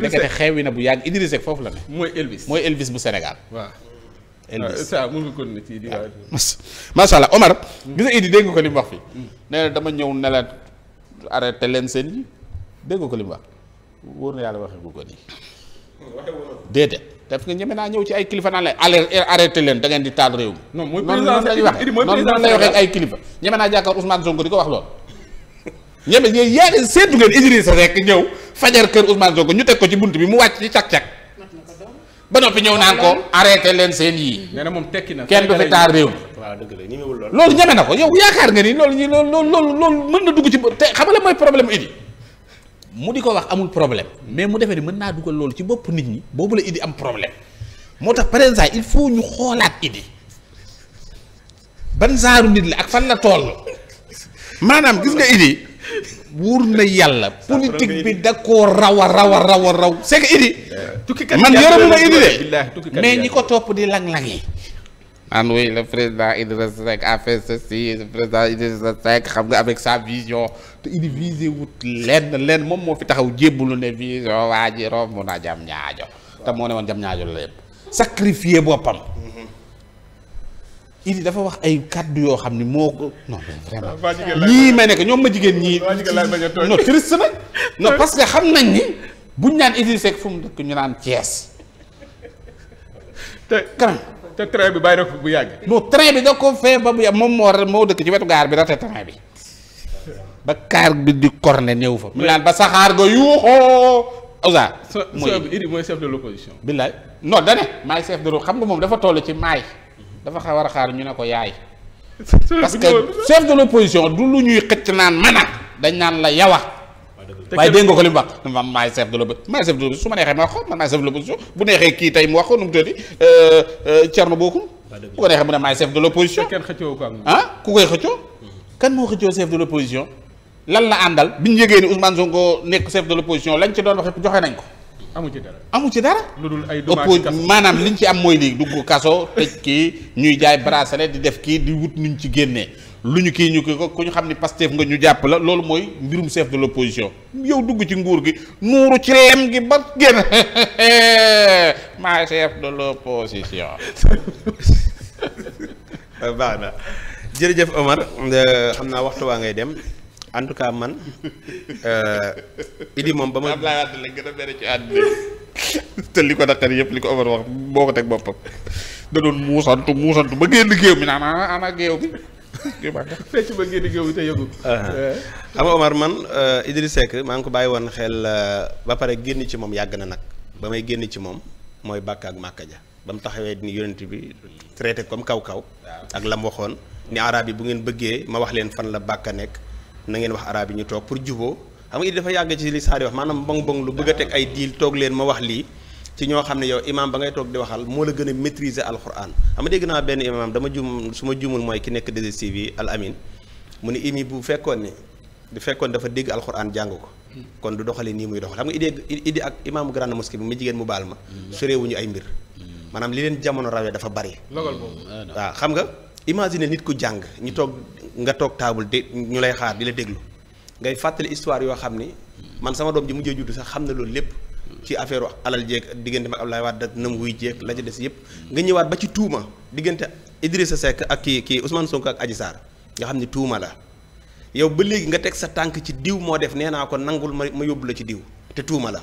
nekkate xewi na bu yàgg Idriss Seck foofu la ne mooy Elvis mooy Elvis bu senegal waaw Elvis ah, ça mun nga kon di ah, macha allah Omar mm. gis nga Idi dégg nga ko li mu wax fi mm. nee dama ñëw ne la arrêté leen seen yi dégg ko li mu wax wóor na yàlla waxee ko nii déedéet parce nga ñeme naa ñëw ci ay kilifa naan leen da ngeen di taal réew mi. non mooy président noonu la ñuy noonu lay waxee ay kilifa ñeme naa jàkkaar Ousmane Sonko di ko wax lool. ñeme yéen ko ci bunt bi mu wàcc ci càq-càq. ba noppi naan ko arrêté leen seen yii. nee na na kenn du fi taal réew mi. waaw dëgg la loolu ñeme na ko yow yaakaar nga ni loolu loolu loolu mën na dugg ci te xam nga la mooy problème idi mu di ko wax amul problème mais mu defee ni mën naa dugal loolu ci bopp nit ñi boobu la Idy am problème moo tax président il faut ñu xoolaat Idy ban saaru nit la ak fan la toll maanaam gis nga Idy wóor na yàlla politique bi da koo raw a raw a raw a raw c'est que Idy man yoromuma de mais ñi ko topp di lang-lang yi naan oui le président Idrissa Seck a xam nga avec sa vision te idi visé wut lenn lenn moom moo fi taxaw jébbalu ne vision waa ji romb na jam ñaajo te moo ne woon jam ñaajo la yëpp sacrifier boppam idi dafa wax ay kàddu yoo xam ni moo ko non vraiment ñii may nekk ñoom ma jigéen ñii non triste nag non parce que xam nañ ni buñ naan Idrissa fu mu dëkk ñu naan Thiès te train bi bàyyi na ko bu yàgg. non train bi moom moo moo dëkk ci wetu gaar bi raté train bi ba kaar bi di corne néew fa. mu naan ba saxaar ga yuuxoo. Ouza mooy Idi mooy chef de l'opposition. billaay non da maay chef de xam nga moom dafa toll ci maay. dafa war a xaar ñu ne ko yaay. parce que chef de l'opposition du lu ñuy xëcc naan man dañ naan la yawa waaye dégg ko li mu wax man chef de l'opposition maay chef de l'opposition su ma neexee ma wax ko man maay chef de l'opposition bu neexee kii tey mu wax ko nu mu tuddati euh, euh, Thierno Bocoum bu neexee mu ne maay chef de l'opposition kenn xëccoo ko ak ah ku koy xëccoo kan moo xëccoo chef de l'opposition lan la àndal bi ñu yëgee ni Ousmane Sonko nekk chef de l'opposition lañ ci doon wax joxe nañ ko amu ci dara amu ci dara. lu dul ay maanaam liñ ci am mooy lii dugg kaso tëj kii ñuy jaay bracelet di def kii di wut nuñ ci génnee lu ñu kii ñu ko ku ñu xam ni Pastef nga ñu jàpp la loolu mooy mbirum chef de l'opposition yow dugg ci nguur gi nuuru ci lem gi ba génn maa chef de l'opposition jërëjëf Omar euh, xam naa waxtu waa ngay dem en tout cas man euh, idi moom ba ma Abdoulaye Wade la gën a ci àddina te li ko naqari yëpp li ko Omar wax boo ko teg boppam da doon muusantu muusantu ba génn géew mi naan ana géew bi fecc ba génn géew te yëgul xam ah. nga Omar man euh, Idriss Seck maa ngi ko bàyyi woon xel euh, ba pare génn ci moom yàgg na nag ba may génn ci moom mooy bàkk ak màkka ja ba mu taxawee ni yonent bi traité comme kaw-kaw ak lam waxoon ni arab yi bu ngeen bëggee ma wax leen fan la bàkka nekk na ngeen wax araab yi ñu toog pour juboo xam nga Idriss dafa yàgg ci li Sadio wax maanaam bong bong lu bëgg teg ay diil toog leen ma wax lii ci ñoo xam ne yow imaam ba ngay toog di waxal moo la gën a maîtriser alquran xam nga dégg naa benn imaam dama jum su ma jumul mooy ki nekk dégestive yi al amin mu ne imi bu fekkoon ne du fekkoon dafa dégg alquran jàng ko kon du doxale nii muy doxal xam nga idée idée ak imaamu grande mosquée bi mu jigéen mu baal ma soreewuñu ay mbir maanaam li leen jamono rawee dafa bari ah, waaw xam nga imagine nit ku jàng ñu toog nga toog taabul de ñu lay xaar di la déglu ngay fàttali histoire yoo xam ni man sama doom ji mujjee juddu sax xam na loolu lépp ci affaire alal jeeg diggante mag Abdoulaye Wade ak nam wuy jeeg la ci des yëpp nga ñëwaat ba ci tuuma diggante sa Seck ak ki kii usman Sonko ak Adji Sarr nga xam ne tuuma la yow ba léegi nga teg sa tànk ci diw moo def nee naa ko nangul ma ma yóbbu la ci diw te tuuma la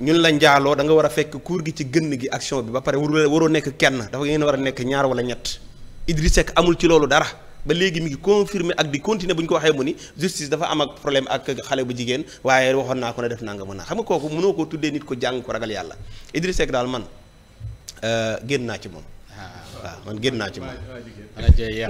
ñun la njaaloo danga war a fekk kuur gi ci gënn gi action bi ba pare waroo nekk kenn dafa ngeen war a nekk ñaar wala ñett Idrissa Seck amul ci loolu dara ba léegi mi ngi confirmer ak di continuer bu ñu ko waxee mu ni justice dafa am ak problème ak xale bu jigéen waaye waxoon naa ko ne def naa nga mën a xam nga kooku mënoo ko tuddee nit ko jàng ko ragal yàlla Idriss daal man euh, génn naa ci moom. Ah. waaw man génn naa ci moom.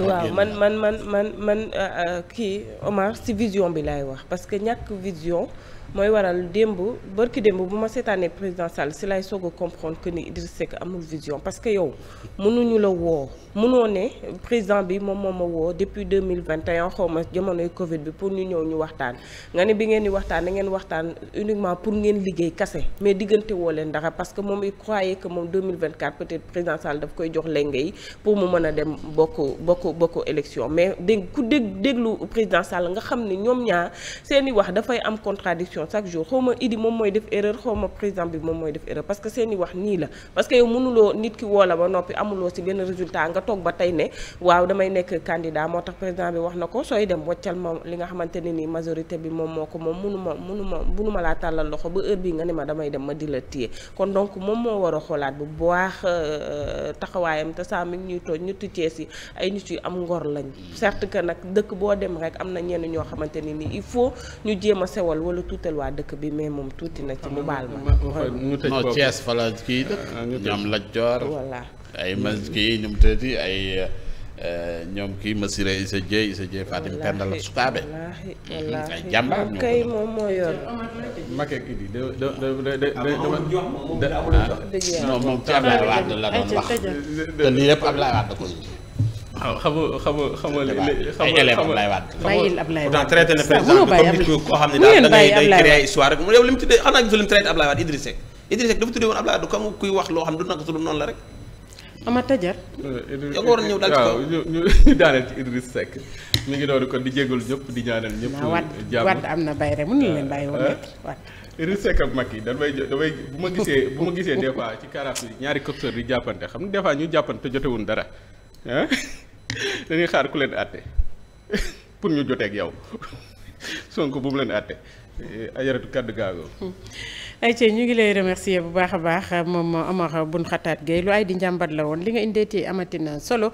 waaw man man man man man euh, euh, kii Omar si vision bi laay wax parce que ñàkk vision. mooy waral démb barki démb bu ma seetaanee président Sall si lay soog a comprendre que ni Idriss Seck amul vision parce que yow mënuñu la woo mënoo ne président bi moom moo ma woo depuis 2021 xaw ma jamonoy Covid bi pour ñu ñëw ñu waxtaan nga ne bi ngeen di waxtaan da ngeen waxtaan uniquement pour ngeen liggéey kase mais diggante woo leen dara parce que moom il croyait que moom 2024 peut-être président Sall daf koy jox ngay pour mu mën a dem bokk bokk bokk élection mais dégg ku dégg déglu président Sall nga xam ne ñoom ñaar seen i wax dafay am contradiction émission chaque jour xaw ma Idi moom mooy def erreur xaw ma président bi moom mooy def erreur parce que seen i wax nii la parce que yow mënuloo nit ki woo la ba noppi amuloo si benn résultat nga toog ba tey ne waaw damay nekk candidat moo tax président bi wax na ko sooy dem waccal ma li nga xamante ne nii majorité bi moom moo ko moom mënuma mënuma mënuma laa tàllal loxo ba heure bii nga ne ma damay dem ma di la téye kon donc moom moo war a xoolaat bu baax euh, taxawaayam te saa mi ñuy tooj ñu tuccee si ay nit yu am ngor lañ certes que nag dëkk boo dem rek am na ñenn ñoo xamante ne nii il faut ñu jéem a sewal wala tuuta waa dëkk bi mais moom tuuti nag ci mu baal ma. ñu tëj non Thiès fa la kii dëkk ah, ñoom Lat Joor. voilà ay ma kii ñoom ay. Euh, ñoom kii Massiré Issa Dieye Issa Dieye Fatim Penda la sukaabe ay jàmbaar ñu kay moom moo yor Macky ah, moom ci Abdoulaye la doon wax te lii yëpp Abdoulaye Wade ko indi xam nga xam nga xam nga ay élèves Ablaye Wade. bàyyil Ablaye Wade pourtant traité na président bi comme nit koo xam ne daal da ngay day créer histoire rek mu yow li mu tuddee xanaa gisul li mu traité Ablaye Wade Idriss Seck Idriss Seck dafa tuddee woon Ablaye Wade comme kuy wax loo xam du naka sudul noonu la rek. Amata Diar. yaa ngi waroon ñëw daal ci kaw ñu ñu daaneel ci Idriss Seck mi ngi doon kon di jégalu ñëpp di ñaanal ñëpp. jàmm waat am na bay rek mën nañu leen bàyyi woon rek ah, ah. waat. Idriss Seck ak Macky damay damay bu ma gisee bu ma gisee des fois ci karaaf yi ñaari coxeur yi jàppante xam ne des fois ñu jàppante jotewuñ dara ah dañuy xaar ku leen àtte pour ñu joteeg yow Sonko bu mu leen àtte ajaratu kàddu gaagoo ayca ñu ngi lay remercier bu baax a baax moom ma Omar bun Xataat Gueye lu ay di njàmbat la woon li nga indeeti amatina solo